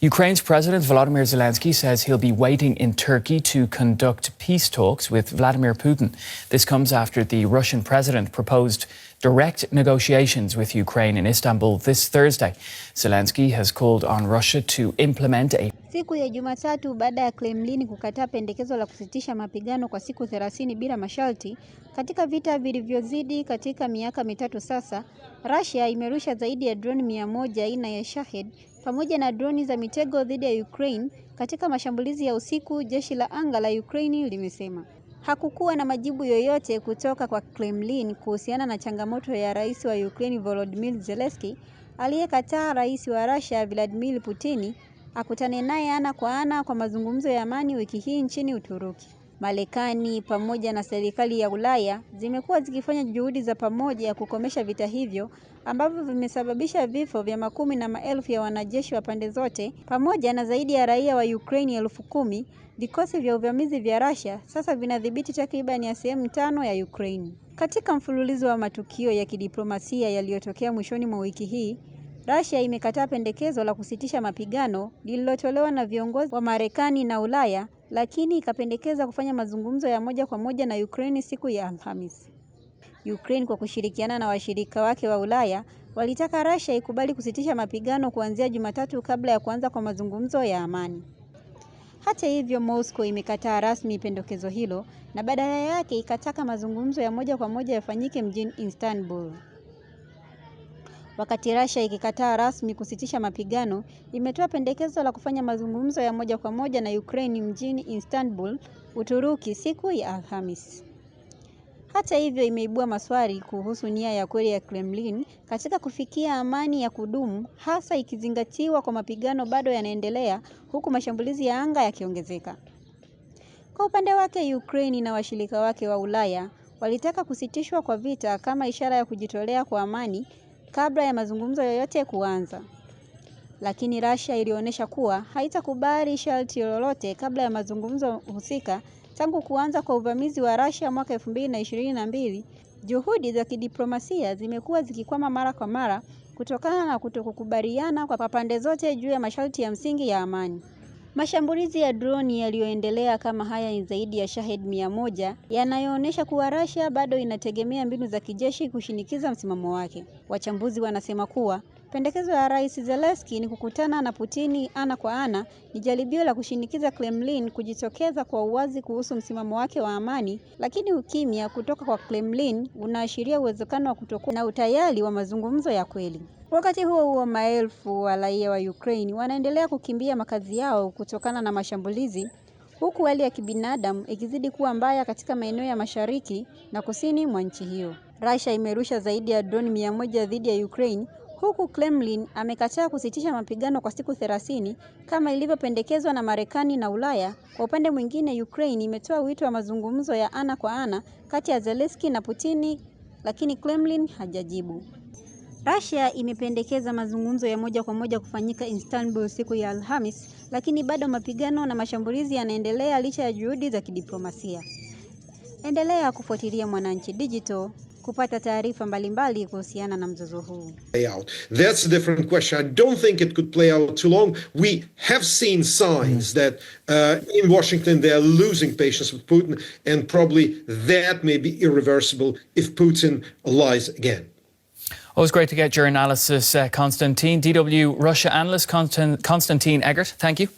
Ukraine's President Volodymyr Zelensky says he'll be waiting in Turkey to conduct peace talks with Vladimir Putin. This comes after the Russian president proposed direct negotiations with Ukraine in Istanbul this Thursday. Zelensky has called on Russia to implement a Siku ya Jumatatu baada ya Kremlin kukataa pendekezo la kusitisha mapigano kwa siku 30 bila masharti katika vita vilivyozidi katika miaka mitatu sasa, Russia imerusha zaidi ya droni mia moja aina ya Shahed pamoja na droni za mitego dhidi ya Ukraine katika mashambulizi ya usiku, jeshi la anga la Ukraine limesema. Hakukuwa na majibu yoyote kutoka kwa Kremlin kuhusiana na changamoto ya Rais wa Ukraine Volodymyr Zelensky aliyekataa Rais wa Russia Vladimir Putin akutane naye ana kwa ana kwa mazungumzo ya amani wiki hii nchini Uturuki. Marekani pamoja na serikali ya Ulaya zimekuwa zikifanya juhudi za pamoja ya kukomesha vita hivyo ambavyo vimesababisha vifo vya makumi na maelfu ya wanajeshi wa pande zote pamoja na zaidi ya raia wa Ukraine elfu kumi. Vikosi vya uvamizi vya Russia sasa vinadhibiti takriban ya sehemu tano ya Ukraine. Katika mfululizo wa matukio ya kidiplomasia yaliyotokea mwishoni mwa wiki hii Russia imekataa pendekezo la kusitisha mapigano lililotolewa na viongozi wa Marekani na Ulaya lakini ikapendekeza kufanya mazungumzo ya moja kwa moja na Ukraine siku ya Alhamisi. Ukraine kwa kushirikiana na washirika wake wa Ulaya walitaka Russia ikubali kusitisha mapigano kuanzia Jumatatu kabla ya kuanza kwa mazungumzo ya amani. Hata hivyo, Moscow imekataa rasmi pendekezo hilo na badala yake ikataka mazungumzo ya moja kwa moja yafanyike mjini Istanbul. Wakati Russia ikikataa rasmi kusitisha mapigano, imetoa pendekezo la kufanya mazungumzo ya moja kwa moja na Ukraine mjini Istanbul, Uturuki siku ya Alhamis. Hata hivyo, imeibua maswali kuhusu nia ya kweli ya Kremlin katika kufikia amani ya kudumu, hasa ikizingatiwa kwa mapigano bado yanaendelea huku mashambulizi ya anga yakiongezeka. Kwa upande wake, Ukraine na washirika wake wa Ulaya walitaka kusitishwa kwa vita kama ishara ya kujitolea kwa amani kabla ya mazungumzo yoyote kuanza. Lakini Russia ilionyesha kuwa haitakubali sharti lolote kabla ya mazungumzo husika. Tangu kuanza kwa uvamizi wa Russia mwaka 2022, juhudi za kidiplomasia zimekuwa zikikwama mara kwa mara kutokana na kutokukubaliana kwa pande zote juu ya masharti ya msingi ya amani. Mashambulizi ya droni yaliyoendelea kama haya ni zaidi ya Shahed mia moja yanayoonesha kuwa Russia bado inategemea mbinu za kijeshi kushinikiza msimamo wake. Wachambuzi wanasema kuwa pendekezo la Rais Zelensky ni kukutana na Putin ana kwa ana ni jaribio la kushinikiza Kremlin kujitokeza kwa uwazi kuhusu msimamo wake wa amani, lakini ukimya kutoka kwa Kremlin unaashiria uwezekano wa kutokuwa na utayari wa mazungumzo ya kweli. Wakati huo huo maelfu wa raia wa Ukraine wanaendelea kukimbia makazi yao kutokana na mashambulizi huku hali ya kibinadamu ikizidi kuwa mbaya katika maeneo ya mashariki na kusini mwa nchi hiyo. Russia imerusha zaidi ya droni mia moja dhidi ya Ukraine huku Kremlin amekataa kusitisha mapigano kwa siku 30 kama ilivyopendekezwa na Marekani na Ulaya. Kwa upande mwingine, Ukraine imetoa wito wa mazungumzo ya ana kwa ana kati ya Zelensky na Putin, lakini Kremlin hajajibu. Russia imependekeza mazungumzo ya moja kwa moja kufanyika Istanbul siku ya Alhamis, lakini bado mapigano na mashambulizi yanaendelea licha ya juhudi za kidiplomasia. Endelea kufuatilia Mwananchi Digital kupata taarifa mbalimbali kuhusiana na mzozo huu. That's a different question. I don't think it could play out too long. We have seen signs hmm. that uh, in Washington they are losing patience with Putin and probably that may be irreversible if Putin lies again. Always great to get your analysis, uh, Constantine. DW Russia analyst Constantine Eggert, thank you.